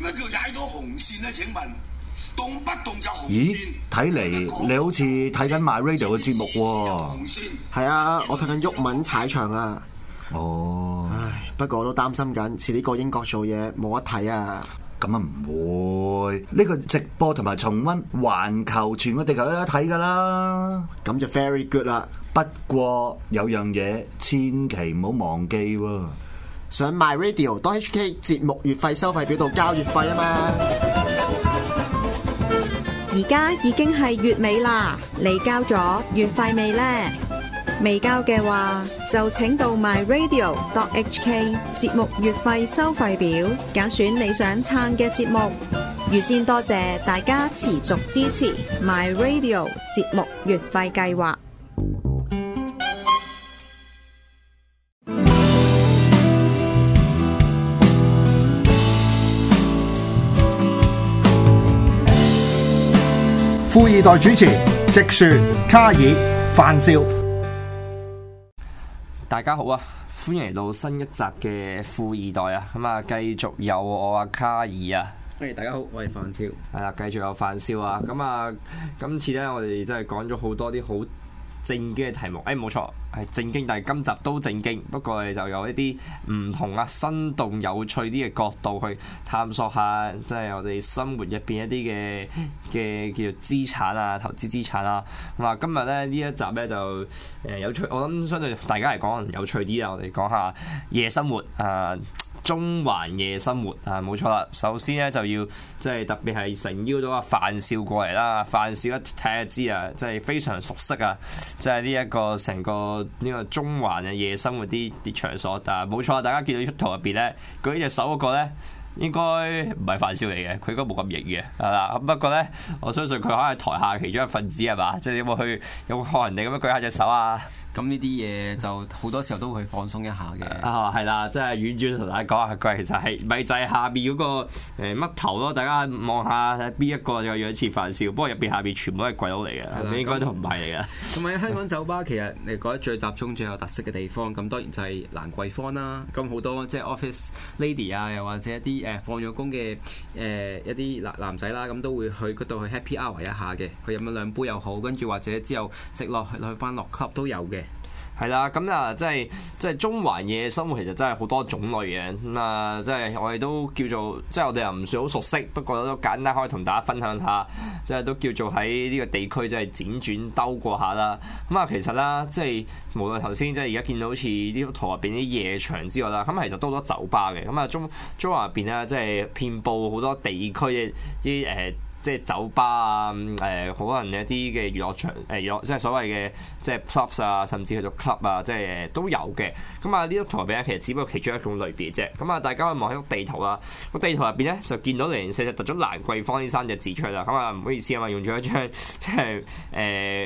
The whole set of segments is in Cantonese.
乜叫踩到紅線咧？請問動不動就紅線？咦，睇嚟你好似睇緊 My Radio 嘅節目喎。係啊，嗯、我睇緊郁文踩場啊。哦，唉，不過我都擔心緊，遲啲過英國做嘢冇得睇啊。咁啊唔會，呢個直播同埋重溫，環球全個地球都得睇噶啦。咁就 very good 啦。不過有樣嘢，千祈唔好忘記喎、啊。想 myradio.hk 節目月費收費表度交月費啊嘛，而家已經係月尾啦，你交咗月費未呢？未交嘅話就請到 myradio.hk 節目月費收費表揀選你想撐嘅節目，預先多謝，謝大家持續支持 myradio 節目月費計劃。富易袋，主持直船卡爾、范少，大家好啊，歡迎嚟到新一集嘅富易袋啊，咁啊繼續有我啊，卡爾啊，歡迎大家好，我係范少，係啦，繼續有范少啊，咁啊，今次咧我哋真係講咗好多啲好。正經嘅題目，誒、哎、冇錯，係正經，但係今集都正經，不過就由一啲唔同啊、生動有趣啲嘅角度去探索下，即、就、係、是、我哋生活入邊一啲嘅嘅叫做資產啊、投資資產啦。咁啊，今日咧呢一集咧就誒、呃、有趣，我諗相對大家嚟講有趣啲啊，我哋講下夜生活啊。呃中環夜生活啊，冇錯啦。首先咧就要即係、就是、特別係誠邀到阿范少過嚟啦。范少一睇下知啊，即係非常熟悉啊，即係呢一個成個呢個中環嘅夜生活啲啲場所。但係冇錯大家見到出幅圖入邊咧，舉隻手嗰個咧應該唔係范少嚟嘅，佢應該冇咁型嘅，係嘛？咁、啊、不過咧，我相信佢可能係台下其中一份子係嘛？即係你有冇去有冇學人哋咁樣舉下隻手啊？咁呢啲嘢就好多時候都會放鬆一下嘅、 哦。啊，係啦，即係婉轉同大家講下貴仔、那個，米仔下邊嗰個誒嘜頭咯，大家望下睇邊一個有樣似范少，不過入邊下邊全部都係鬼佬嚟嘅，了應該都唔係嚟嘅。同埋 香港酒吧其實你覺得最集中最有特色嘅地方，咁當然就係蘭桂坊啦。咁好多即係 office lady 啊，又或者一啲誒、呃、放咗工嘅誒一啲男男仔啦，咁都會去嗰度去 happy hour 一下嘅，去飲兩杯又好，跟住或者之後直落去翻落 club 都有嘅。係啦，咁啊、嗯，即係即係中環夜生活其實真係好多種類嘅，咁啊，即係我哋都叫做，即係我哋又唔算好熟悉，不過都簡單可以同大家分享下，即係都叫做喺呢個地區即係輾轉兜過下啦。咁、嗯、啊，其實啦、就是，即係無論頭先即係而家見到好似呢幅圖入邊啲夜場之外啦，咁其實都好多酒吧嘅。咁、嗯、啊，中中環入邊啦，即係遍佈好多地區嘅啲誒。呃即係酒吧啊，誒、呃，可能一啲嘅娛樂場，誒、呃，娛樂即係所謂嘅即係 clubs 啊，甚至係做 club 啊，即係都有嘅。咁啊，呢張圖入邊其實只不過其中一種類別啫。咁啊，大家去望喺張地圖啦。咁地圖入邊咧，就見到零四隻凸咗蘭桂坊呢三隻字出啦。咁啊，唔好意思啊，嘛，用咗一張即係誒，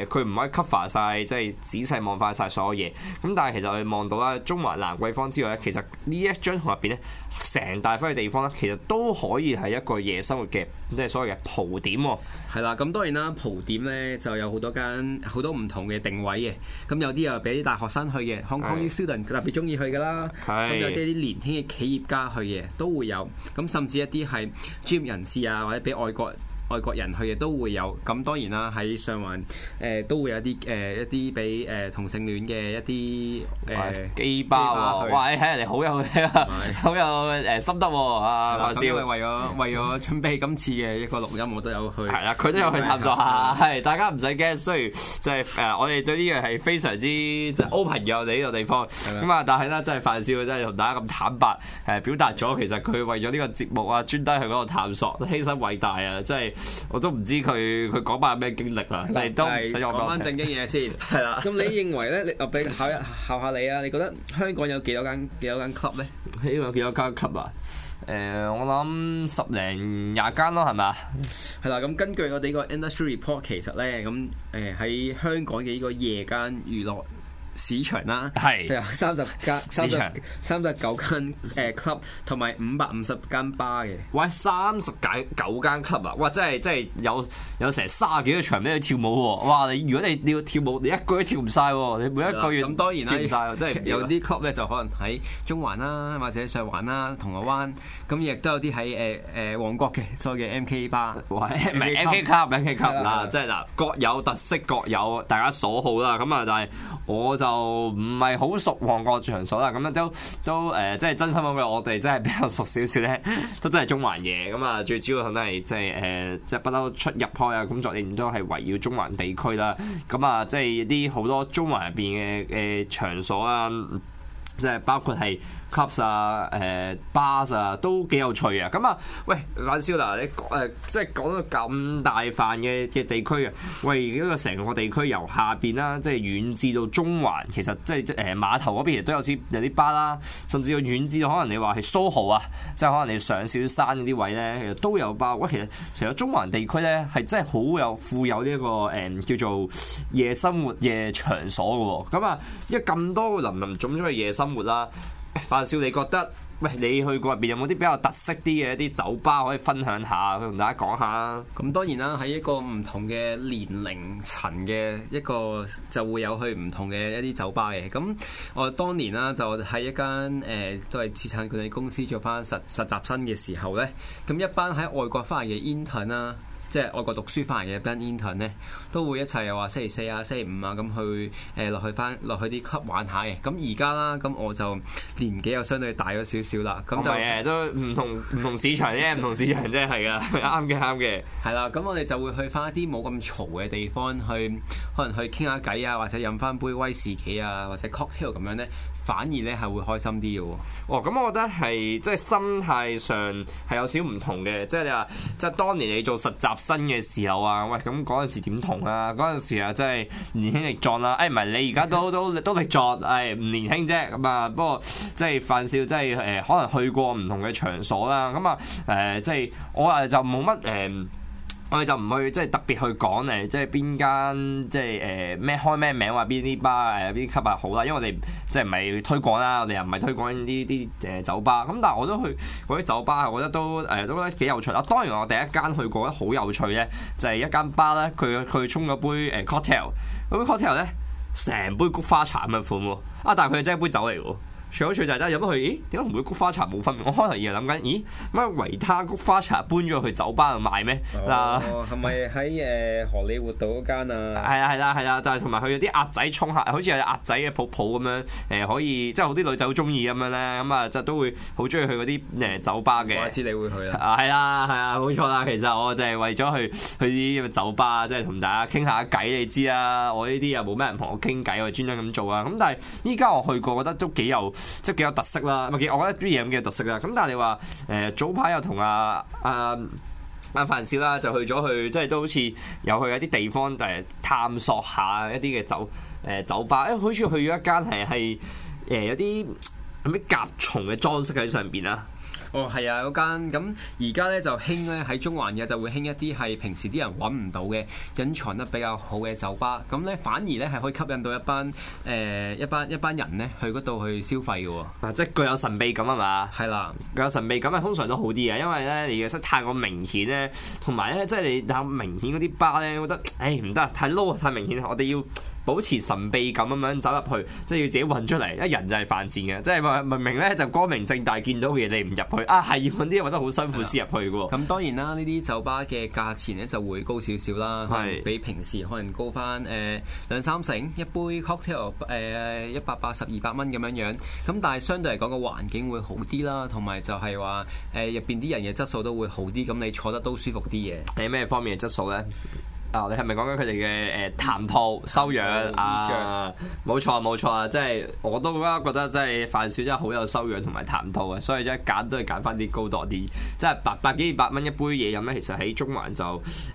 佢、呃、唔可以 cover 晒，即係仔細望返晒所有嘢。咁但係其實我望到啦，中環蘭桂坊之外咧，其實一圖圖呢一張圖入邊咧，成大塊嘅地方咧，其實都可以係一個夜生活嘅，即係所謂嘅蒲點喎，係啦，咁、 嗯、當然啦，蒲點咧就有好多間，好多唔同嘅定位嘅，咁有啲又俾啲大學生去嘅，Hong Kong student 特別中意去噶啦，咁的有啲啲年輕嘅企業家去嘅都會有，咁甚至一啲係專業人士啊，或者俾外國。外國人去亦都會有，咁當然啦，喺上環誒都會有啲誒一啲俾誒同性戀嘅一啲誒基吧，呃、哇！喺、啊哎、人哋好有是 好有誒心得喎啊！咁係、啊、 為咗為咗準備今次嘅一個錄音，我都有去。係啦、啊，佢都有去探索下，係因為 大家唔使驚。雖然即係誒，我哋對呢樣係非常之 open 嘅，我哋呢個地方咁啊，但係咧真係范少，真係同大家咁坦白誒表達咗，其實佢為咗呢個節目啊，專登去嗰度探索，犧牲偉大啊，真係～我都唔知佢佢嗰班係咩經歷啦，但係都係講翻正經嘢先。係 對啦，咁你認為咧？你又俾考下考下你啊？你覺得香港有幾多間幾多間 club 咧？香港幾多間 club 啊？誒、呃，我諗十零廿間咯，係咪啊？係啦，咁根據我哋呢個 industry report，其實咧咁誒喺香港嘅呢個夜間娛樂。市場啦，係有三十間市場，三十九間誒 club 同埋五百五十間 bar 嘅。哇，三十九九間 club 啊！哇，真係真係有有成卅幾個場俾你跳舞喎！哇，你如果你你要跳舞，你一個都跳唔晒喎！你每一個月咁當然啦，跳曬即係有啲 club 咧就可能喺中環啦，或者上環啦、銅鑼灣，咁亦都有啲喺誒誒旺角嘅所謂嘅 MK bar！哇，唔係 MK club，MK club 嗱，即係嗱各有特色，各有大家所好啦。咁啊，但係我就。就唔係好熟旺角場所啦，咁都都誒，即係真心講句，我哋真係比較熟少少咧，都真係中環嘢。咁啊，最主要都係即係誒，即係不嬲出入開啊，工作你唔都係圍繞中環地區啦。咁啊，即係啲好多中環入邊嘅嘅場所啊。即係包括係 clubs 啊、誒、呃、bars 啊，都幾有趣啊！咁、嗯、啊，喂，范少嗱，你誒，即係講到咁大範嘅嘅地區啊，喂，呢個成個地區由下邊啦，即係遠至到中環，其實即係誒碼頭邊亦都有啲有啲巴啦，甚至要遠至到可能你話係 SoHo 啊，即係可能你上少少山啲位咧，其實都有 bar，喂，其實成個中環地區咧係真係好有富有呢、這、一個誒、呃、叫做夜生活嘅場所嘅喎。咁、嗯、啊，因為咁多林林總總嘅夜生活。生活啦，范少你覺得？喂，你去過入邊有冇啲比較特色啲嘅一啲酒吧可以分享下？去同大家講下。咁當然啦，喺一個唔同嘅年齡層嘅一個就會有去唔同嘅一啲酒吧嘅。咁我當年啦就喺一間誒、呃、都係資產管理公司做翻實實習生嘅時候呢，咁一班喺外國翻嚟嘅 intern 啦。即係外國讀書翻嚟嘅跟 intern 咧，都會一齊又話星期四啊、星期五啊咁去誒落、呃、去翻落去啲 club 玩下嘅。咁而家啦，咁我就年紀又相對大咗少少啦，咁就誒都唔同唔 同市場啫，唔同市場啫係㗎，啱嘅啱嘅，係啦。咁 我哋就會去翻一啲冇咁嘈嘅地方去，可能去傾下偈啊，或者飲翻杯威士忌啊，或者 cocktail 咁樣咧。反而咧係會開心啲嘅喎。哦，咁我覺得係即係心態上係有少唔同嘅。即係你話，即係當年你做實習生嘅時候啊，喂，咁嗰陣時點同啊？嗰陣時啊，即係年輕力壯啦。誒、哎，唔係你而家都都力都力作，係、哎、唔年輕啫。咁啊，不過即係范少，即係誒、呃，可能去過唔同嘅場所啦。咁啊，誒、呃，即係我啊就冇乜誒。呃我哋就唔去即係特別去講誒，即係邊間即係誒咩開咩名話邊啲吧，誒邊啲級別好啦，因為我哋即係唔係推廣啦，我哋又唔係推廣呢啲誒酒吧。咁但係我都去嗰啲酒吧，我覺得都誒、呃、都覺得幾有趣。啊，當然我第一間去過得好有趣咧，就係、是、一間吧咧，佢佢沖咗杯誒 cocktail，杯 cocktail 咧成杯菊花茶咁嘅款喎，啊！但係佢真係杯酒嚟喎。除咗除就係得飲落去，咦？點解同啲菊花茶冇分別？我開頭又諗緊，咦？乜維他菊花茶搬咗去酒吧度賣咩？嗱、哦，係咪喺誒荷里活道嗰間啊？係啊係啦係啦，但係同埋佢有啲鴨仔衝客，好似有鴨仔嘅抱抱咁樣，誒、呃、可以，即係好啲女仔好中意咁樣咧，咁啊就都會好中意去嗰啲誒酒吧嘅。我知你會去啊？係啦係啊，冇錯啦。其實我就係為咗去去啲酒吧，即係同大家傾下偈，你知啊，我呢啲又冇咩人同我傾偈，我專登咁做啊。咁但係依家我去過，覺得都幾有。即係幾有特色啦，唔係，我覺得呢啲嘢咁幾有特色噶。咁但係你話誒、呃、早排又同阿阿阿范少啦，就去咗去，即係都好似有去一啲地方誒探索一下一啲嘅酒誒、呃、酒吧，誒、欸、好似去咗一間係係誒有啲咩、呃、甲蟲嘅裝飾喺上邊啦。哦，係啊，嗰間咁而家咧就興咧喺中環嘅，就會興一啲係平時啲人揾唔到嘅隱藏得比較好嘅酒吧。咁咧反而咧係可以吸引到一班誒、呃、一班一班人咧去嗰度去消費嘅喎、哦啊。即係具有神秘感吖嘛？係啦，具有神秘感係通常都好啲啊，因為咧你嘅室太過明顯咧，同埋咧即係你太明顯嗰啲巴咧，我覺得誒唔得，太 low，太明顯，我哋要。保持神秘感咁樣走入去，即係要自己搵出嚟。一人就係犯賤嘅，即係明明咧就光明正大見到嘅嘢，你唔入去啊，係要揾啲嘢揾得好辛苦先入去嘅喎。咁當然啦，呢啲酒吧嘅價錢咧就會高少少啦，係的比平時可能高返誒、呃、兩三成，一杯 cocktail 誒、呃、一百八十二百蚊咁樣樣。咁但係相對嚟講個環境會好啲啦，同埋就係話誒入邊啲人嘅質素都會好啲，咁你坐得都舒服啲嘅。係咩方面嘅質素咧？哦、你係咪講緊佢哋嘅誒談吐、修養、嗯、啊？冇、嗯、錯冇錯啊！ 即係我都覺得即係真係范少真係好有修養同埋談吐啊！所以即係揀都係揀翻啲高檔啲，即係百百幾二百蚊一杯嘢飲咧，其實喺中環就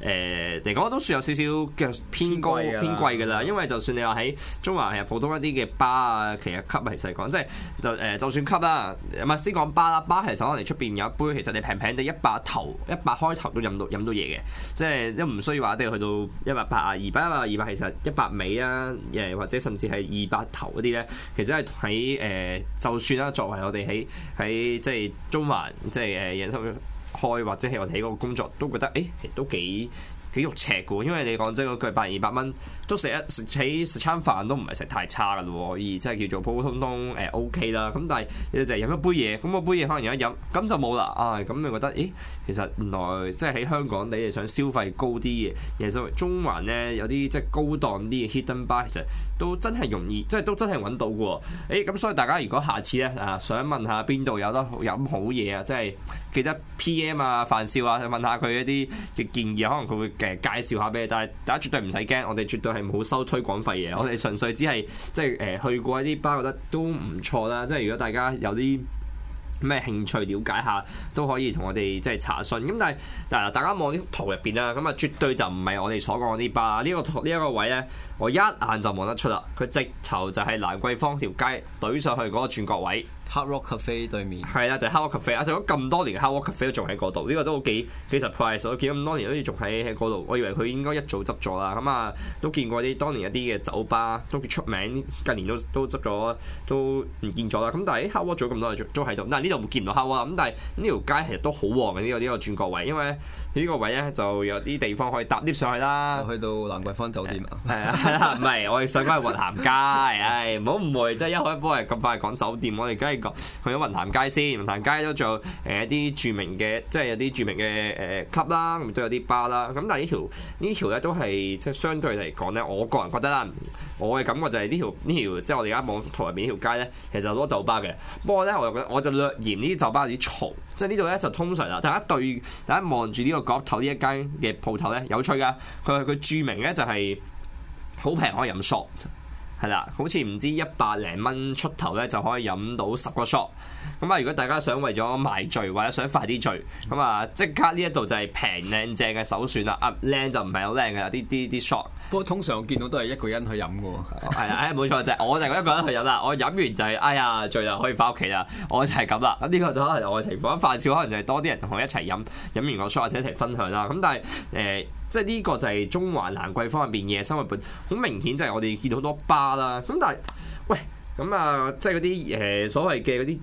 誒嚟講都算有少少嘅偏高偏貴㗎啦。因為就算你話喺中環係普通一啲嘅巴啊，其實吸其實講即係就誒、呃，就算吸啦，唔先講巴啦，巴其實可能出邊有一杯，其實你平平地一百頭一百開頭都飲到，到飲到嘢嘅，即係都唔需要話一定要去到。到一百八啊，二百一百二百，其實一百尾啊，誒或者甚至係二百頭嗰啲咧，其實係喺誒，就算啦，作為我哋喺喺即係中環，即係誒引申開或者係我哋喺嗰個工作，都覺得誒、欸，都幾～幾肉赤嘅喎，因為你講真嗰句，百二百蚊都食一食起食餐飯都唔係食太差嘅咯，而即係叫做普普通通誒、欸、OK 啦。咁但係你就飲一杯嘢，咁個杯嘢可能一有一飲，咁就冇啦。啊，咁你覺得，咦，其實原來即係喺香港，你哋想消費高啲嘅，其實中環咧，有啲即係高檔啲嘅 hidden bar 其實。都真係容易，即係都真係揾到嘅、哦。誒、欸，咁所以大家如果下次咧啊，想問下邊度有得飲好嘢啊，即係記得 PM 啊、范少啊，問下佢一啲嘅建議，可能佢會嘅介紹下俾你。但係大家絕對唔使驚，我哋絕對係冇收推廣費嘅。我哋純粹只係即係誒、呃、去過一啲吧，覺得都唔錯啦。即係如果大家有啲咩興趣了解下，都可以同我哋即係查詢。咁但係但大家望呢幅圖入邊啦，咁啊絕對就唔係我哋所講嗰啲吧。呢、這個呢一、這個位咧。我一眼就望得出啦，佢直頭就係蘭桂坊條街對上,上去嗰個轉角位，Hard Rock Cafe 對面。係啦，就係、Hard Rock Cafe 啊，做咗咁多年嘅 Hard Rock Cafe 都仲喺嗰度，呢、呢個都幾幾 surprise，我見咗咁多年都仲喺喺嗰度，我以為佢應該一早執咗啦。咁啊，都見過啲當年一啲嘅酒吧都幾出名，近年都都執咗都唔見咗啦。咁但係 Hard Rock 做咁多年都喺度，但呢度見唔到 Hard Rock 咁。但係呢條街其實都好旺嘅呢個呢個轉角位，因為呢個位咧就有啲地方可以搭 lift 上去啦，去到蘭桂坊酒店啊。係啊。 唔係我哋上翻係雲潭街，唉， 唔好誤會，即、嗯、係一開波係咁快講酒店，我哋梗係講去咗雲潭街先。雲潭街都仲有一啲著名嘅，即係有啲著名嘅誒 club 啦，咁都有啲 bar 啦。咁但係呢條呢條咧都係即係相對嚟講咧，我個人覺得啦，我嘅感覺就係呢條呢條即係我哋而家網圖入面呢條街咧，其實好多酒吧嘅。不過咧，我我就略嫌呢啲酒吧有啲嘈，即係呢度咧就通常啦。大家對大家望住呢個角頭呢一間嘅鋪頭咧，有趣噶，佢係佢著名咧就係、是。好平可以飲 shot，係啦，好似唔知一百零蚊出頭咧就可以飲到十個 shot。咁啊，如果大家想為咗賣醉或者想快啲醉，咁啊即刻呢一度就係平靚正嘅首選啦。啊靚就唔係好靚嘅啦，啲啲 shot。不過通常我見到都係一個人去飲嘅喎。係啊， 誒、哎、冇錯就係、是、我就係一個人去飲啦。我飲完就係、是、哎呀醉啦，可以翻屋企啦。我就係咁啦。咁呢個就可能係我嘅情況，咁范少可能就係多啲人同我一齊飲，飲完個 shot 或者一齊分享啦。咁但係誒。呃即係呢個就係中環蘭桂坊入邊嘅生活本，好明顯就係我哋見到好多巴啦。咁但係喂，咁、呃、啊，即係嗰啲誒所謂嘅嗰啲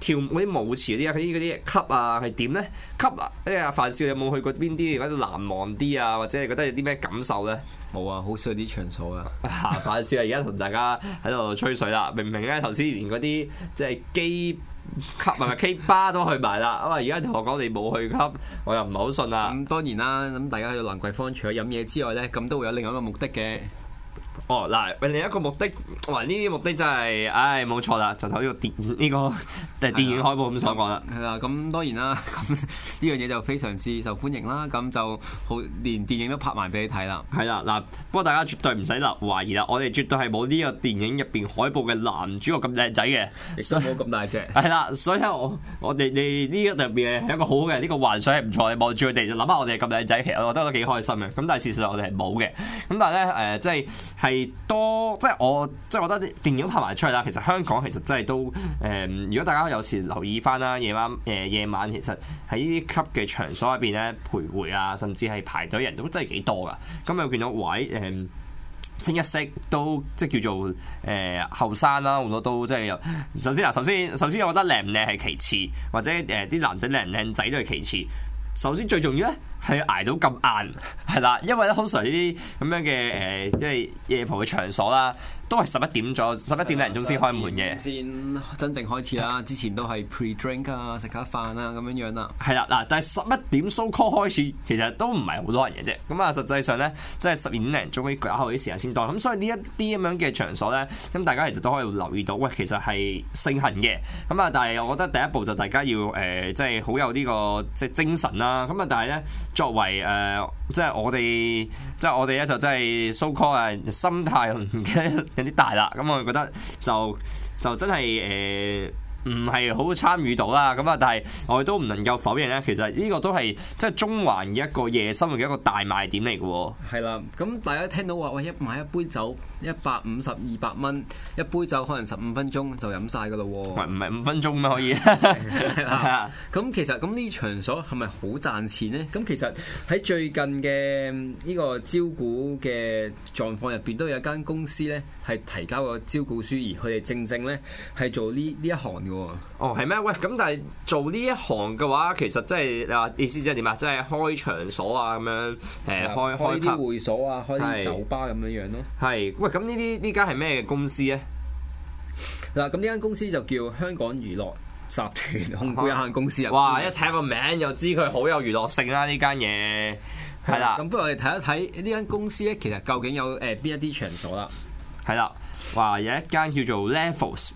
跳啲舞池嗰啲啊，嗰啲嗰啲 club 啊，係點咧 club 啊，誒凡少有冇去過邊啲而家難忘啲啊？或者你覺得有啲咩感受咧？冇啊，好少有啲場所啊。阿凡少啊，而家同大家喺度吹水啦，明唔明咧、啊？頭先連嗰啲即係基。club 咪 K 吧都去埋啦，咁啊而家同我講你冇去 club 我又唔係好信啦。咁 當然啦，咁大家去到蘭桂坊除咗飲嘢之外咧，咁都會有另外一個目的嘅。哦，嗱，另一個目的，哇！呢啲目的真係，唉，冇錯啦，就睇個電呢個，誒，電影海報咁所講啦。係啦，咁當然啦，呢樣嘢就非常之受歡迎啦，咁就好，連電影都拍埋俾你睇啦。係啦，嗱，不過大家絕對唔使喇，懷疑啦，我哋絕對係冇呢個電影入邊海報嘅男主角咁靚仔嘅，亦都冇咁大隻。係啦，所以我我哋哋呢一度入邊係一個好嘅，呢個幻想係唔錯嘅，望住佢哋就諗下我哋咁靚仔，其實我覺得都幾開心嘅。咁但係事實上我哋係冇嘅，咁但係咧，誒，即係係。多，即係我即係我覺得啲電影拍埋出嚟啦。其實香港其實真係都，誒、呃，如果大家有時留意翻啦，夜晚，誒、呃，夜晚其實喺呢級嘅場所入邊咧，徘徊啊，甚至係排隊人都真係幾多噶。今日見到位，誒、呃，清一色都即係叫做，誒、呃，後生啦，好多都即係有，首先啦，首先，首先我覺得靚唔靚係其次，或者誒啲、呃、男仔靚唔靚仔都係其次。首先最重要咧，係要捱到咁晏，係啦，因為咧通常呢啲咁樣嘅誒，即係夜蒲嘅場所啦。都係十一點咗、嗯，十一點零鍾先開門嘅。先真正開始啦， 之前都係 pre drink 啊，食下飯啊，咁樣樣啦、啊。係啦，嗱，但係十一點 so call 開始，其實都唔係好多人嘅啫。咁啊，實際上咧，即係十二點零鍾嗰啲嗰啲時間先多。咁所以呢一啲咁樣嘅場所咧，咁大家其實都可以留意到，喂，其實係盛行嘅。咁啊，但係我覺得第一步就大家要誒，即係好有呢個即係精神啦。咁啊，但係咧，作為誒，即係我哋，即係我哋咧，就，是就是、就真係 so call 係心態唔堅。有啲大啦，咁、嗯、我覺得就就真係誒唔係好參與到啦，咁啊，但係我哋都唔能夠否認咧，其實呢個都係即係中環一個夜生活嘅一個大賣點嚟嘅喎。係啦、啊，咁、嗯、大家聽到話喂，一買一杯酒。一百五十二百蚊一杯酒，可能十五分鐘就飲晒㗎咯喎。唔係五分鐘咩可以？ 係啦。咁 其實咁呢場所係咪好賺錢咧？咁其實喺最近嘅呢個招股嘅狀況入邊，都有一間公司咧係提交個招股書，而佢哋正正咧係做呢呢一行㗎喎。哦，係咩？喂，咁但係做呢一行嘅話，其實即係嗱，意思即係點啊？即係開場所啊，咁樣誒，開開啲會所啊，的開啲酒吧咁樣樣咯、哦。係，喂。喂。咁呢啲呢間係咩公司咧？嗱，咁呢間公司就叫香港娛樂集團控股有限公司啊！哇，哇，一睇個名就知佢好有娛樂性啦，啊！呢間嘢係啦。咁哇了不如我哋睇一睇呢間公司咧，其實究竟有誒邊一啲場所啦？係啦，哇，有一間叫做 Levels、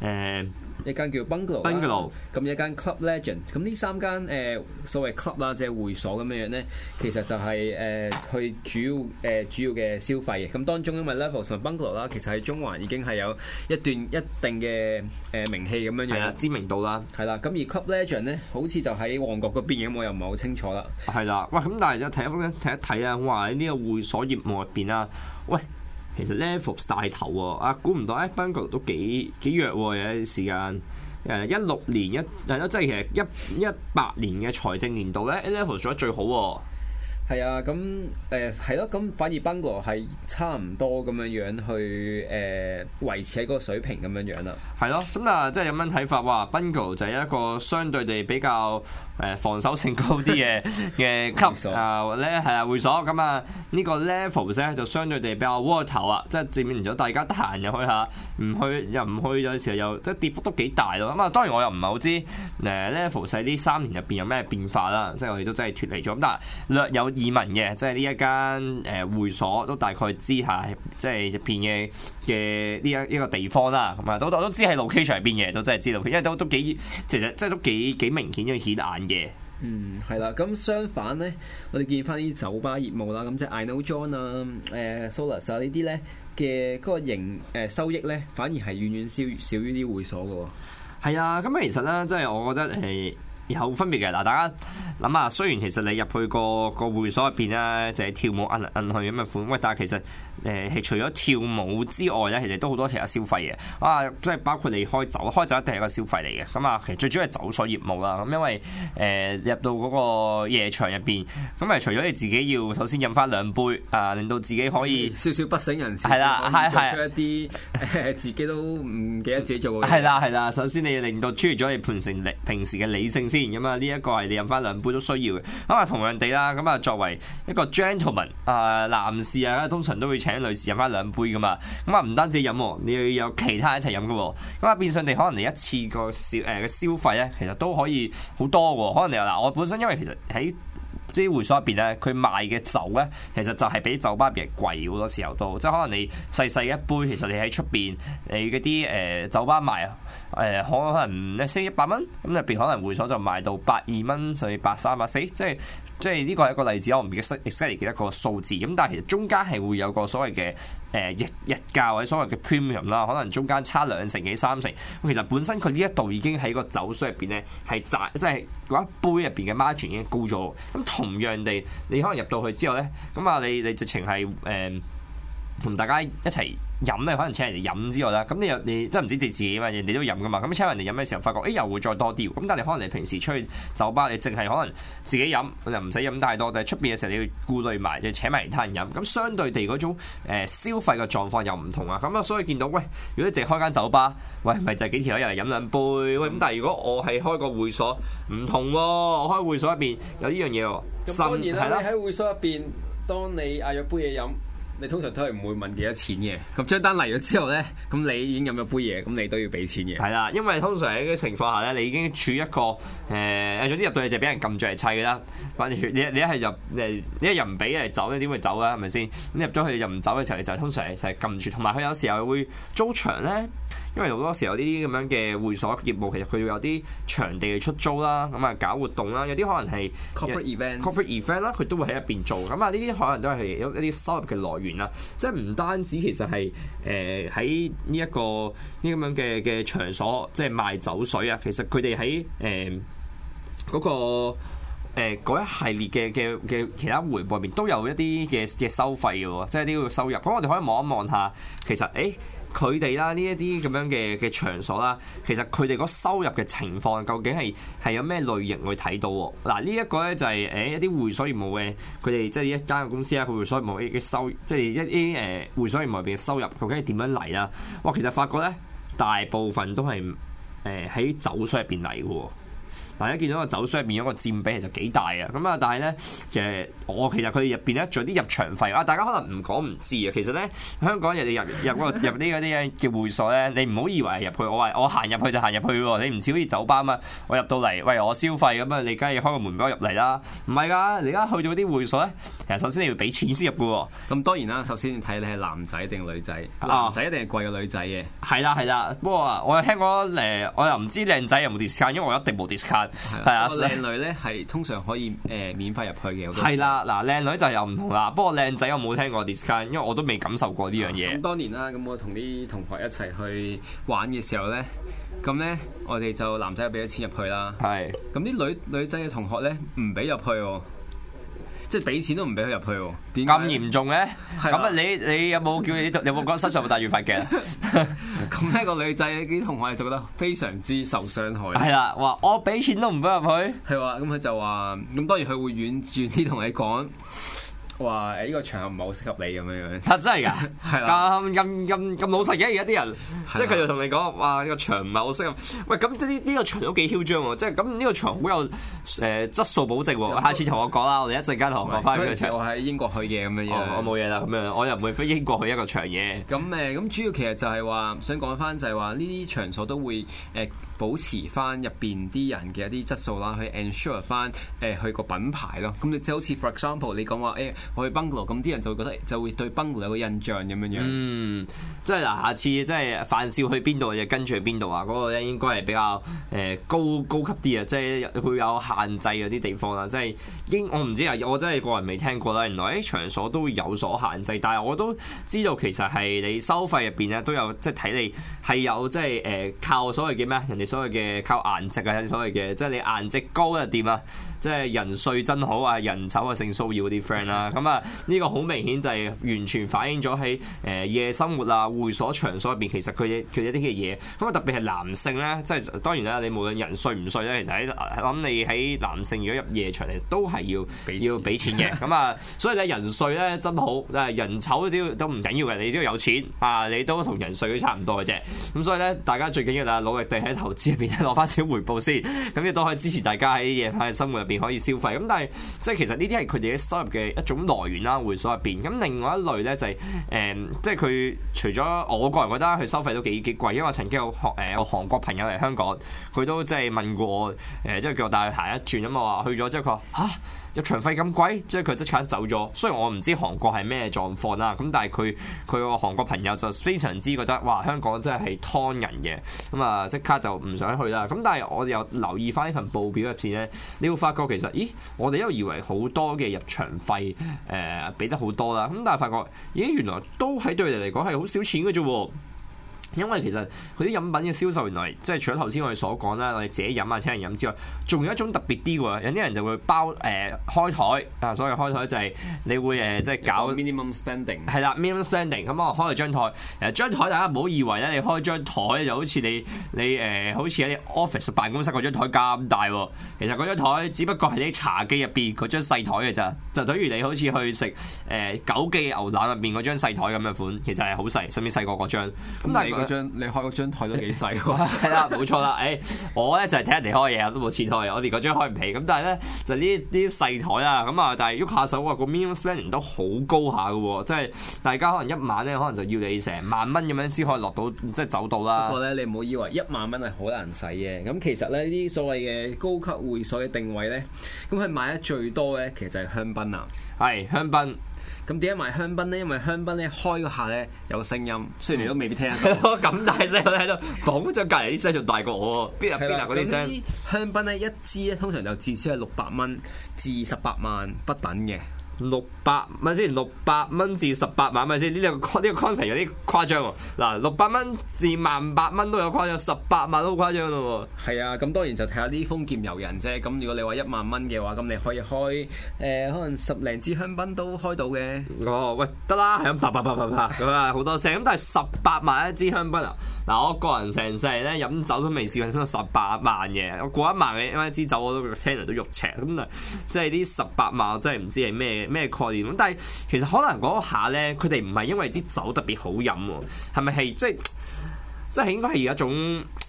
嗯一間叫 Bungalow，Bungalow，咁一間 Club Legend，咁呢三間誒、呃、所謂 club 啊，即係會所咁樣樣咧，其實就係、是、誒、呃、去主要誒、呃、主要嘅消費嘅。咁當中因為 Level 同 Bungalow 啦，其實喺中環已經係有一段一定嘅誒名氣咁樣樣。係啦，知名度啦。係啦，咁而 Club Legend 咧，好似就喺旺角嗰邊，咁我又唔係好清楚啦。係啦，喂！咁但係就睇一睇一睇啊！哇！喺呢個會所業務入邊啊，喂～其實 levels 大頭喎、哦，啊，估唔到 Bungalow 都幾幾弱喎、哦，有啲時間誒一六年一係咯，即、就、係、是、其實一一八年嘅財政年度咧 ，level 做得最好喎、哦。係啊，咁、嗯、誒，係咯，咁反而 Bingo 係差唔多咁樣樣去誒維、嗯、持喺個水平咁樣樣啦。係咯，咁啊，即係有乜睇法？話 Bingo 就係一個相對地比較誒防守性高啲嘅嘅級數啊，或者係啊會所咁啊呢個 level 咧就相對地比較窩頭啊，即係證明咗大家得閒入去嚇，唔去又唔去，有時候又即係跌幅都幾大咯。咁啊，當然我又唔係好知誒 level 喺呢三年入邊有咩變化啦。即係我哋都真係脫離咗，咁但係略有。移民嘅，即係呢一間誒、呃、會所都大概知下，即係入邊嘅嘅呢一一個地方啦，咁啊，都都知係 location 係邊嘅，都真係知道，佢，因為都都幾，其實即係都幾幾明顯跟顯眼嘅。嗯，係啦，咁相反咧，我哋見翻啲酒吧業務啦，咁即係 I Know John 啊、誒、呃、Solas 啊呢啲咧嘅嗰個盈、呃、收益咧，反而係遠遠少於少於啲會所嘅喎。係啊，咁其實咧，即係我覺得係。有分別嘅嗱，大家諗下，雖然其實你入去個個會所入邊啊，就係跳舞摁嚟摁去咁嘅款，喂，但係其實誒係除咗跳舞之外咧，其實都好多其他消費嘅，啊，即係包括你開酒，開酒一定係一個消費嚟嘅，咁啊，其實最主要係酒所業務啦，咁因為誒、呃、入到嗰個夜場入邊，咁咪除咗你自己要首先飲翻兩杯啊，令到自己可以、嗯、少少不省人事，係啦，係係，出一啲 自己都唔記得自己做過，係啦係啦，首先你要令到超越咗你盤成理平時嘅理性。先咁啊！呢一個係你飲翻兩杯都需要嘅。咁啊，同樣地啦，咁啊，作為一個 gentleman 啊、呃，男士啊，通常都會請女士飲翻兩杯噶嘛。咁啊，唔單止飲，你要有其他一齊飲嘅。咁啊，變相你可能你一次個消嘅消費咧，其實都可以好多嘅。可能你話嗱，我本身因為其實喺啲會所入邊咧，佢賣嘅酒咧，其實就係比酒吧入邊貴好多時候多。即係可能你細細一杯，其實你喺出邊你嗰啲誒酒吧賣。誒、呃、可能你升一百蚊，咁入邊可能會所就賣到百二蚊、甚至百三、百四，即係即係呢個係一個例子，我唔記得失亦失記一個數字。咁但係其實中間係會有個所謂嘅誒、呃、日日價或者所謂嘅 premium 啦，可能中間差兩成幾、三成。咁其實本身佢呢一度已經喺個酒水入邊咧，係賺，即係嗰一杯入邊嘅 margin 已經高咗。咁同樣地，你可能入到去之後咧，咁啊，你你直情係誒。呃同大家一齊飲咧，可能請人哋飲之外啦。咁你又你即係唔止自己啊嘛，人哋都飲噶嘛。咁請人哋飲嘅時候，發覺誒、哎、又會再多啲。咁但係可能你平時出去酒吧，你淨係可能自己飲又唔使飲太多，但係出邊嘅時候你要顧慮埋，就請埋其他人飲。咁相對地嗰種消費嘅狀況又唔同啊。咁啊，所以見到喂，如果你淨係開間酒吧，喂，咪就幾條友入嚟飲兩杯。喂，咁但係如果我係開個會所，唔同喎、哦。我開會所入邊有呢樣嘢喎，嗯、甚當然啦，了你喺會所入邊，當你嗌咗杯嘢飲。你通常都係唔會問幾多錢嘅，咁張單嚟咗之後咧，咁你已經飲咗杯嘢，咁你都要俾錢嘅。係啦，因為通常喺呢啲情況下咧，你已經處一個誒，有、呃、啲入到去就俾人撳住嚟砌㗎啦。反正你你一係入你一入唔俾人走咧，點會走啊？係咪先？咁入咗去又唔走嘅時候，你就通常係係撳住，同埋佢有時候會租場咧。因為好多時候呢啲咁樣嘅會所業務，其實佢會有啲場地出租啦，咁、嗯、啊搞活動啦，有啲可能係 corporate event，corporate event 啦，佢都會喺入邊做，咁啊呢啲可能都係一啲收入嘅來源啦。即係唔單止其實係誒喺呢一個呢咁樣嘅嘅場所，即係賣酒水啊，其實佢哋喺誒嗰個嗰、呃、一系列嘅嘅嘅其他回報入面都有一啲嘅嘅收費嘅喎，即係呢個收入。咁我哋可以望一望下，其實誒。欸佢哋啦，呢一啲咁樣嘅嘅場所啦，其實佢哋個收入嘅情況究竟係係有咩類型去睇到喎？嗱，呢、這個就是欸、一個咧就係誒一啲會所業務嘅，佢哋即係一間公司啦，佢會所業務嘅收，即係一啲誒會所業務入邊嘅收入，究竟係點樣嚟啦？我其實發覺咧，大部分都係誒喺酒水入邊嚟嘅喎。大家見到個酒商入面嗰個佔比其，其實幾大啊！咁啊，但係咧，其實我其實佢哋入邊咧仲有啲入場費啊！大家可能唔講唔知啊，其實咧香港人哋入入個入啲嗰啲嘅叫會所咧，你唔好以為入去，我話我行入去就行入去喎。你唔似好似酒吧嘛？我入到嚟，喂，我消費咁啊，你梗係要開個門俾我入嚟啦。唔係㗎，你而家去到啲會所咧，其實首先你要俾錢先入嘅喎。咁當然啦，首先你睇你係男仔定女仔，男仔一定係貴過女仔嘅。係啦係啦，不過我又聽講我又唔知靚仔有冇 discount，因為我一定冇 discount。係啊，靚、嗯、女咧係通常可以誒、呃、免費入去嘅，好多係啦。嗱、啊，靚女就又唔同啦。不過靚仔我冇聽過 discount，這個、因為我都未感受過呢樣嘢。咁多、啊、年啦，咁我同啲同學一齊去玩嘅時候咧，咁咧我哋就男仔俾咗錢入去啦。係是。咁啲女女仔嘅同學咧，唔俾入去喎。即係俾錢都唔俾佢入去喎，點解？咁嚴重嘅？咁啊， 你有有你，你有冇叫你有冇覺得身上有冇大冤屈嘅？咁 呢 個女仔啲同學就覺得非常之受傷害。係啦， 話我俾錢都唔俾入去。係話， 咁佢就話，咁當然佢會婉轉啲同你講。話誒呢個場唔係好適合你咁樣樣，啊真係㗎，係 對啦，咁咁咁咁老實嘅而家啲人， 對啦 即係佢就同你講，話呢、呢個場唔係好適合。喂，咁即呢呢個場都幾囂張喎，即係咁呢個場好有誒、呃、質素保證喎。下次同我講啦，我哋一陣間同我講翻個場。所以我喺英國去嘅咁樣樣，哦、我冇嘢啦，咁樣 我又唔會飛英國去一個場嘅。咁誒，咁、呃、主要其實就係話想講翻就係話呢啲場所都會誒。呃保持翻入邊啲人嘅一啲質素啦，去 ensure 翻誒佢個品牌咯。咁你就好似 for example，你講話誒我去 Bungalow，咁啲人就會覺得就會對 Bungalow 有個印象咁樣樣。嗯，即係嗱，下次即係范少去邊度就跟住去邊度啊！嗰、嗰個咧應該係比較誒、呃、高高級啲啊，即係會有限制嗰啲地方啦。即係應我唔知啊，我真係個人未聽過啦。原來喺場所都會有所限制，但係我都知道其實係你收費入邊咧都有即係睇你係有即係誒靠所謂叫咩所謂嘅靠顏值啊，啲所謂嘅，即係你顏值高又點啊？即係人帥真好啊，人醜啊，性騷擾啲 friend 啦。咁啊，呢個好明顯就係完全反映咗喺誒夜生活啊、會所場所入邊，其實佢哋佢哋啲嘅嘢。咁啊，特別係男性咧，即係當然啦，你無論人帥唔帥咧，其實喺諗你喺男性如果入夜場嚟，都係 要要俾錢嘅。咁啊，所以咧人帥咧真好，人醜都唔緊要嘅，你只要有錢啊，你都同人帥都差唔多嘅啫。咁所以咧，大家最緊要就係努力地喺投資入邊攞翻少啲回報先。咁亦都可以支持大家喺夜蒲生活入邊。可以消費咁，但係即係其實呢啲係佢哋嘅收入嘅一種來源啦。會所入邊咁，另外一類咧就係、是、誒、嗯，即係佢除咗我個人覺得佢收費都幾幾貴，因為曾經有學誒，我、呃、韓國朋友嚟香港，佢都即係問過我即係、呃、叫我帶佢行一轉啊嘛，話去咗之後佢話啊，入場費咁貴，即係佢即刻走咗。雖然我唔知韓國係咩狀況啦，咁但係佢佢個韓國朋友就非常之覺得哇，香港真係係劏人嘅，咁啊即刻就唔想去啦。咁但係我哋又留意翻呢份報表入邊咧，你會發覺。其實，咦，我哋又以為好多嘅入場費，誒、呃，俾得好多啦，咁但係發覺，咦，原來都係對你嚟講係好少錢嘅啫喎。因為其實佢啲飲品嘅銷售，原來即係除咗頭先我哋所講啦，我哋自己飲啊、請人飲之外，仲有一種特別啲喎。有啲人就會包誒、呃、開台啊，所謂開台就係你會誒即係搞 minimum spending。係啦，minimum spending。咁我開咗張台，誒張台大家唔好以為咧，你開張台就好似你你誒好似喺 office 辦公室嗰張台咁大喎。其實嗰張台只不過係啲茶几入邊嗰張細台嘅咋。就等於你好似去食誒九記牛腩入邊嗰張細台咁嘅款，其實係好細，甚至細過嗰張。咁但係。張你開個張台都幾細喎，係啦，冇錯啦，誒、 哎，我咧就係、是、睇人哋開嘢，我都冇錢開，我哋個張開唔起。咁但係咧，就呢啲細台啊，咁啊，但係喐下手啊，個 minimum spending 都好高下嘅喎，即、就、係、是、大家可能一晚咧，可能就要你成萬蚊咁樣先可以落到，即、就、係、是、走到啦。不過咧，你唔好以為一萬蚊係好難使嘅，咁其實咧呢啲所謂嘅高級會所嘅定位咧，咁佢買得最多咧，其實就係香檳啊，係、哎、香檳。咁點解買香檳咧？因為香檳咧開個下咧，有聲音，雖然你都未必聽。咁、嗯、 大聲咧，都捧咗隔離啲聲仲大過我喎。邊入邊嚟嗰啲聲？ 香檳咧一支咧，通常就至少係六百蚊至十八萬不等嘅。六百蚊先，六百蚊至十八萬咪先，呢度呢個 concept 有啲誇張喎。嗱，六百蚊至萬八蚊都有誇張，有十八萬都好誇張咯。係啊，咁當然就睇下啲豐儉由人啫。咁如果你話一萬蚊嘅話，咁你可以開誒、呃、可能十零支香檳都開到嘅。哦，喂，得啦，係咁，啪啪啪啪啪，咁啊好多聲。咁但係十八萬一支香檳啊！嗱，我個人成世咧飲酒都未試過飲到十八萬嘅，我過一萬嘅一蚊支酒我都聽嚟都肉赤咁啊！即係啲十八萬我真係唔知係咩咩概念咁。但係其實可能嗰下咧，佢哋唔係因為支酒特別好飲喎，係咪係即係即係應該係有一種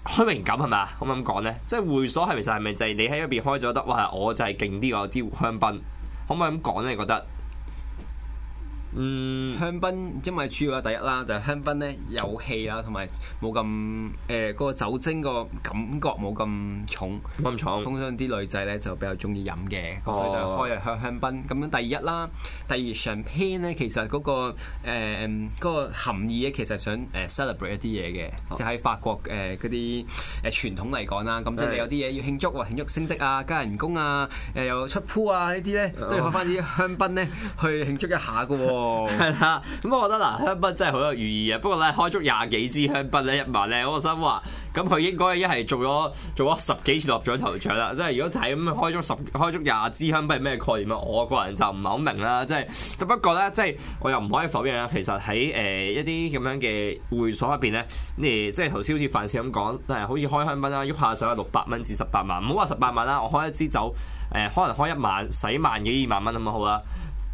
虛榮感係咪啊？可唔可以咁講咧？即係會所係咪，其實係咪就係、是、你喺嗰邊開咗得？哇！我就係勁啲我有啲香檳，可唔可以咁講咧？你覺得？嗯，香檳因為主要啊第一啦，就係、香檳咧有氣啦，同埋冇咁誒嗰個酒精個感覺冇咁重，冇咁重，通常啲女仔咧就比較中意飲嘅，所以就開嚟香檳。咁、哦、樣第一啦，第二，Champagne 咧其實嗰、嗰個誒嗰、呃嗰個含義咧其實想誒 celebrate 一啲嘢嘅，哦、就喺法國誒嗰啲誒傳統嚟講啦，咁即係有啲嘢要慶祝或慶祝升職啊、加人工啊、誒、呃、又出 pool 啊呢啲咧，都要開翻啲香檳咧去慶祝一下噶喎。 係啦，咁 我覺得嗱，香檳真係好有寓意啊。不過咧，開足廿幾支香檳咧一晚咧，我個心話咁佢應該一係做咗做咗十幾次落咗頭獎啦。即係如果睇咁開足十開足廿支香檳係咩概念啊？我個人就唔係好明啦。即係不過咧，即係我又唔可以否認啊。其實喺誒一啲咁樣嘅會所入邊咧，即係頭先好似范少咁講，好似開香檳啦，喐下手係六百蚊至十八萬，唔好話十八萬啦，我開一支酒誒，可能開一晚使萬幾二萬蚊咁啊好啦。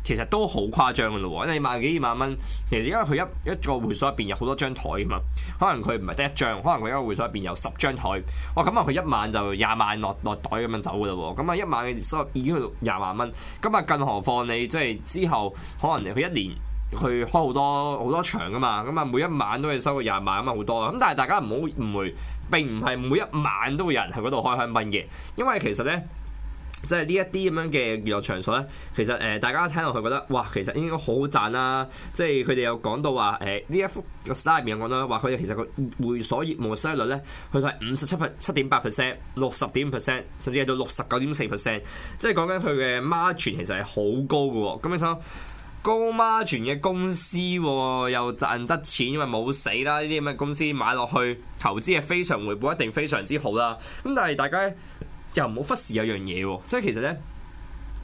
其實都好誇張噶咯喎，你萬幾萬蚊，其實因為佢一一個會所入邊有好多張台啊嘛，可能佢唔係得一張，可能佢一個會所入邊有十張台，哇、哦！咁啊佢一晚就廿萬落落袋咁樣走噶咯喎，咁啊一晚嘅收入已經係廿萬蚊，咁啊更何況你即係之後可能佢一年去開好多好多場啊嘛，咁啊每一晚都係收個廿萬咁啊好多，咁但係大家唔好誤會並唔係每一晚都會有人喺嗰度開香檳嘅，因為其實咧。即係呢一啲咁樣嘅娛樂場所咧，其實誒、呃、大家聽落去覺得哇，其實應該好賺啦！即係佢哋有講到話誒呢一幅個 style 入面啦，話佢哋其實個會所業務收益率咧，佢係五十七%、七點八%、percent，六十點，甚至係到六十九點四%、percent。即係講緊佢嘅 margin 其實係好高嘅喎。咁你想高 margin 嘅公司，啊，又賺得錢，因為冇死啦！呢啲咁嘅公司買落去投資係非常回報，一定非常之好啦。咁但係大家。又唔好忽視有樣嘢喎，即係其實咧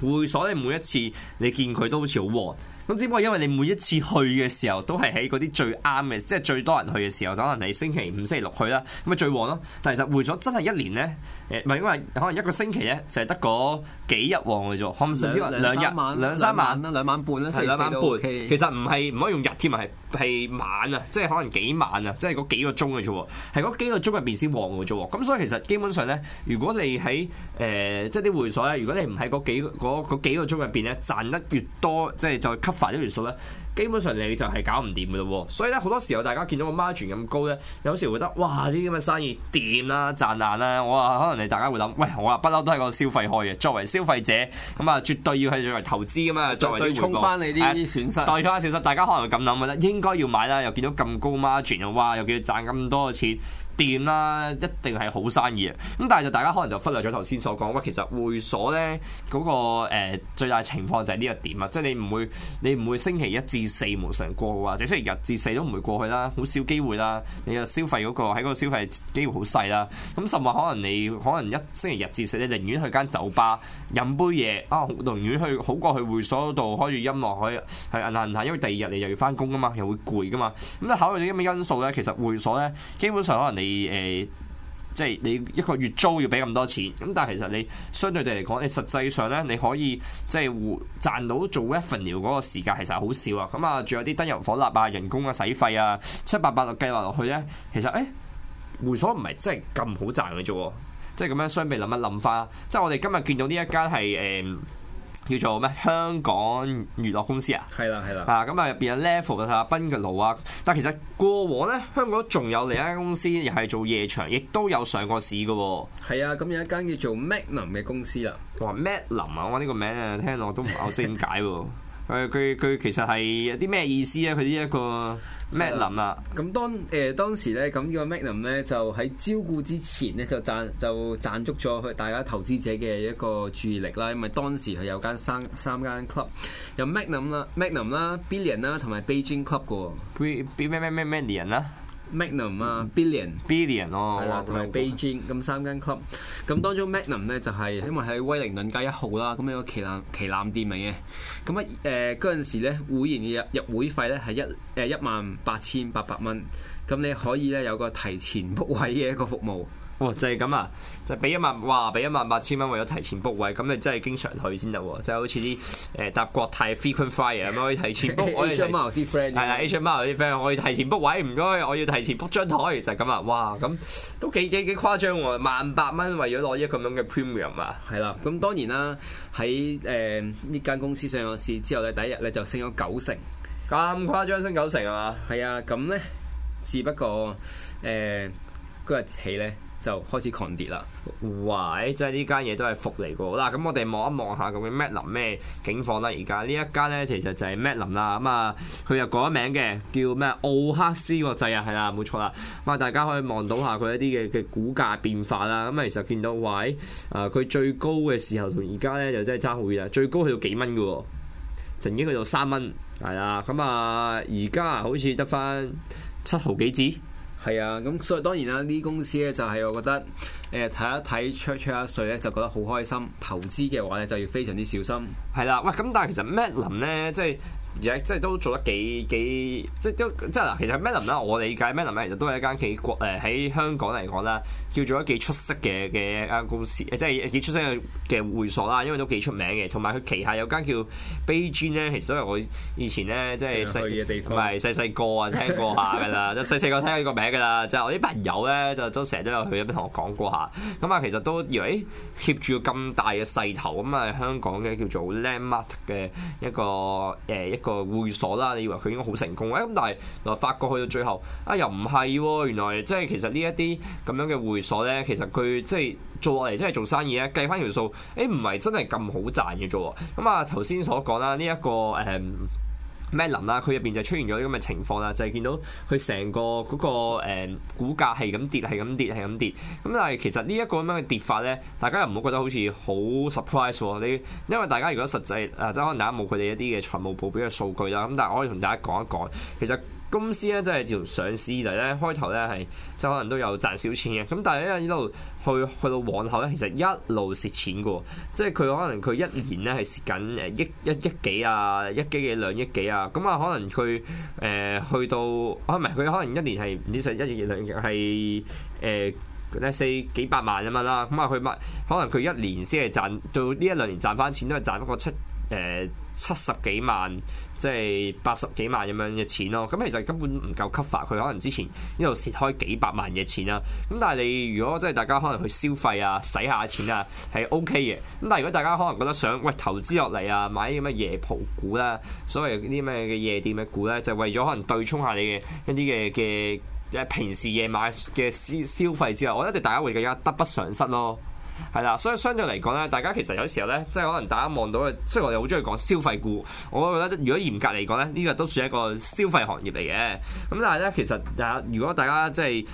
會所你每一次你見佢都好似好旺，咁只不過因為你每一次去嘅時候都係喺嗰啲最啱嘅，即係最多人去嘅時候，可能你星期五、星期六去啦，咁咪最旺咯。但係其實會所真係一年咧，誒、呃、咪因為可能一個星期咧就係得嗰幾日旺嘅啫，兩兩三晚兩三晚啦，兩,兩晚半啦，兩晚半，其實唔係唔可以用日添啊，係。係晚啊，即係可能幾晚啊，即係嗰幾個鐘嘅啫，係嗰幾個鐘入邊先旺嘅啫。咁所以其實基本上咧，如果你喺誒、呃、即係啲會所咧，如果你唔喺嗰幾嗰嗰幾個鐘入邊咧，賺得越多，即係就 cover 啲元素咧。基本上你就係搞唔掂嘅咯喎，所以咧好多時候大家見到個 margin 咁高咧，有時會覺得哇呢啲咁嘅生意掂啦、啊、賺爛啦、啊，我話可能你大家會諗，喂我話不嬲都係個消費開嘅，作為消費者咁啊絕對要係作為投資咁樣對衝翻你啲損失，呃、對啊，損失，大家可能咁諗啊，應該要買啦，又見到咁高 margin，哇又叫賺咁多嘅錢。店啦，一定係好生意啊，咁但係就大家可能就忽略咗頭先所講，喂，其實會所咧嗰、嗰個、呃、最大情況就係呢一點啊，即係你唔會你唔會星期一至四無常過或者星期日至四都唔會過去啦，好少機會啦。你嘅消費嗰、嗰個喺嗰個消費機會好細啦。咁甚至可能你可能一星期日至四你寧願去間酒吧飲杯嘢啊，寧願去好過去會所度開住音樂去去 unwind 下，因為第二日你又要翻工㗎嘛，又會攰㗎嘛。咁你考慮咗咁嘅因素咧，其實會所咧基本上可能你。誒，即係你一個月租要俾咁多錢，咁但係其實你相對地嚟講，你實際上咧，你可以即係賺到做 revenue 嗰個時間，其實、哎、好少啊。咁啊，仲有啲燈油火蠟啊、人工啊、使費啊，七八八嚟計落落去咧，其實誒，會所唔係真係咁好賺嘅啫，即係咁樣相對諗一諗翻，即係我哋今日見到呢一間係誒。嗯叫做咩？香港娛樂公司啊，係啦係啦，啊咁啊入邊有 Level 嘅、啊，睇下賓格路啊，但係其實過往咧，香港仲有另一間公司又係做夜場，亦都有上過市嘅喎。係啊，咁有一間叫做 Mc 林嘅公司啦、啊，話 Mc 林啊，我呢、呢個名啊，聽落都唔係好識點解喎、啊。 佢佢佢其實係有啲咩意思啊？佢呢一個 Magnum 啊，咁當誒當時咧，咁呢個 Magnum 咧就喺招股之前咧就賺就賺足咗佢大家投資者嘅一個注意力啦，因為當時佢有間三三間 club，有 Magnum 啦、Magnum 啦、Billion 啦同埋 Beijing Club 嘅，Be 咩咩咩咩 Billion 啦。Magnum 啊，billion，billion 咯，係啦，同埋 Beijing 咁三間間 club，咁哇當中 Magnum 咧就係因為喺威靈頓街一號啦，咁有個旗艦旗艦店嚟嘅，咁啊誒嗰陣時咧會員嘅入入會費咧係一誒一萬八千八百蚊，咁你可以咧有個提前 book 位嘅一個服務。 哇！就係咁啊，就俾一萬，哇！俾一萬八千蚊為咗提前 book 位，咁你真係經常去先得喎。就係好似啲誒搭國泰 frequent flyer 咁，可以提前 book 位。H M O 啲 friend 啦，H M O 啲 friend，我要提前 book 位，唔該，我要提前 book 張台就係咁啊！哇！咁都幾幾幾誇張喎，萬八蚊為咗攞一個咁樣嘅 premium 啊！係啦，咁當然啦，喺誒呢間公司上咗市之後咧，第一日咧就升咗九成咁誇張，升九成啊！係啊，咁咧只不過誒嗰日起咧。就開始狂跌啦！喂，即係呢間嘢都係福嚟噶喎。嗱，咁我哋望一望下究竟 Medlin 咩境況啦。而家呢一間咧，其實就係 Medlin 啦。咁、嗯、啊，佢又改咗名嘅，叫咩奧克斯國際啊，係啦，冇錯啦。咁、嗯、啊，大家可以望到下佢一啲嘅嘅股價變化啦。咁、嗯、啊，其實見到喂，誒，佢、啊、最高嘅時候同而家咧，就真係差好遠啊！最高去到幾蚊噶喎？曾經去到三蚊，係啦。咁、嗯、啊，而、嗯、家好似得返七毫幾紙。係啊，咁所以當然啦，呢啲公司咧就係、是、我覺得誒睇、呃、一睇 check check 下稅咧就覺得好開心，投資嘅話咧就要非常之小心。係啦，喂，咁但係其實 Medlin 咧即係。而即係都做得幾幾，即係都即係嗱。其實 Madam 啦，我理解 Madam 其實都係一間幾誒喺、呃、香港嚟講啦，叫做一間幾出色嘅嘅間公司，即係幾出色嘅嘅會所啦。因為都幾出名嘅，同埋佢旗下有間叫 Beaujolais，其實都係我以前咧即係細嘅地方，係細細個啊聽過下㗎喇，細細個聽過呢個名㗎喇。就我啲朋友咧，就都成日都有去一邊同我講過下。咁啊，其實都以為 keep 住咁大嘅勢頭，咁啊香港嘅叫做 Landmark 嘅一個誒一個。一個會所啦，你以為佢應該好成功咧？咁但係原來發覺去到最後，啊、哎、又唔係喎！原來即係其實呢一啲咁樣嘅會所咧，其實佢即係做落嚟即係做生意咧，計翻條數，誒唔係真係咁好賺嘅啫。咁啊頭先所講啦，呢、這、一個誒。嗯 Melon 啦，佢入邊就出現咗啲咁嘅情況啦，就係見到佢成個嗰個誒股價係咁跌，係咁跌，係咁跌。咁但係其實呢一個咁樣嘅跌法咧，大家又唔好覺得好似好 surprise 喎。你因為大家如果實際啊，即係可能大家冇佢哋一啲嘅財務報表嘅數據啦。咁但係我可以同大家講一講，其實。公司咧，自從上市以嚟咧，開頭咧係即係可能都有賺少錢嘅。咁但係一路去去到往後咧，其實一路蝕錢嘅即係佢可能佢一年咧係蝕緊誒億一一,一億幾啊一億幾嘅兩億幾啊，咁啊可能佢誒、呃、去到啊唔係佢可能一年係唔知上一億兩億係誒咧四幾百萬咁樣啦，咁啊佢咪可能佢一年先係賺到呢一兩年賺翻錢都係賺嗰個七。誒、呃、七十幾萬，即係八十幾萬咁樣嘅錢咯。咁其實根本唔夠 cover，佢可能之前呢度蝕開幾百萬嘅錢啦。咁但係你如果即係大家可能去消費啊，使下錢啊，係 OK 嘅。咁但係如果大家可能覺得想喂投資落嚟啊，買啲咩夜蒲股啦，所謂啲咩嘅夜店嘅股咧，就是，為咗可能對沖下你嘅一啲嘅嘅，喺平時夜晚嘅消消費之後，我覺得大家會更加得不償失咯。係啦，所以相對嚟講咧，大家其實有時候咧，即係可能大家望到嘅，雖然我哋好中意講消費股，我覺得如果嚴格嚟講咧，呢個都算一個消費行業嚟嘅。咁但係咧，其實大家如果大家即係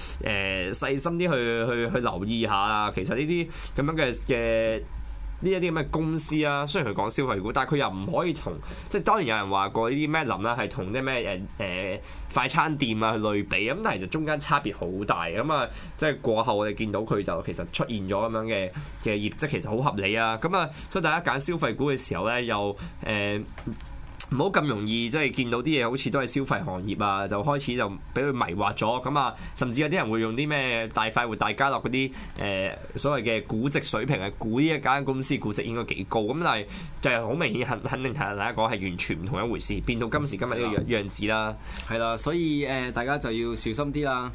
誒細心啲去去去，去留意下，其實呢啲咁樣嘅嘅。呢一啲咁嘅公司啊，雖然佢講消費股，但係佢又唔可以同，即係當然有人話過呢啲咩林啊，係同啲咩誒誒快餐店啊去類比咁，但係其實中間差別好大咁啊！即係過後我哋見到佢就其實出現咗咁樣嘅嘅業績，其實好合理啊！咁啊，所以大家揀消費股嘅時候咧，又、呃、誒。唔好咁容易，即係見到啲嘢，好似都係消費行業啊，就開始就俾佢迷惑咗咁啊！甚至有啲人會用啲咩大快活、大家樂嗰啲誒所謂嘅估值水平，係估呢一間公司估值應該幾高咁，但係就係好明顯，肯肯定同大家講係完全唔同一回事，變到今時今日呢個樣樣子啦，係啦了，所以誒大家就要小心啲啦。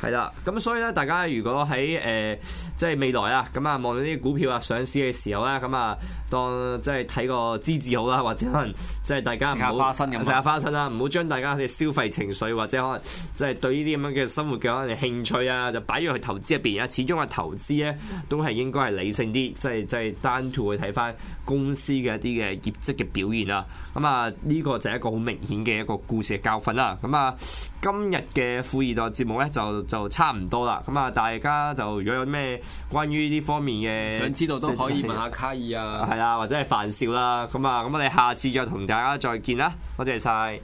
係啦，咁所以咧，大家如果喺誒、呃、即係未來啊，咁啊望到啲股票啊上市嘅時候咧，咁、嗯、啊當即係睇個資質好啦，或者可能即係大家唔好花唔使花心啦，唔好將大家嘅消費情緒或者可能即係對呢啲咁樣嘅生活嘅可能興趣啊，就擺咗去投資入邊啊。始終嘅投資咧，都係應該係理性啲，即係即係單獨去睇翻公司嘅一啲嘅業績嘅表現啦。咁啊，呢、嗯這個就係一個好明顯嘅一個故事嘅教訓啦。咁、嗯、啊，今日嘅富易袋節目呢，就就差唔多啦。咁、嗯、啊，大家就如果有咩關於呢方面嘅，想知道都可以問下卡爾啊，係啊，或者係范少啦。咁、嗯、啊，咁我哋下次再同大家再見啦。多謝晒。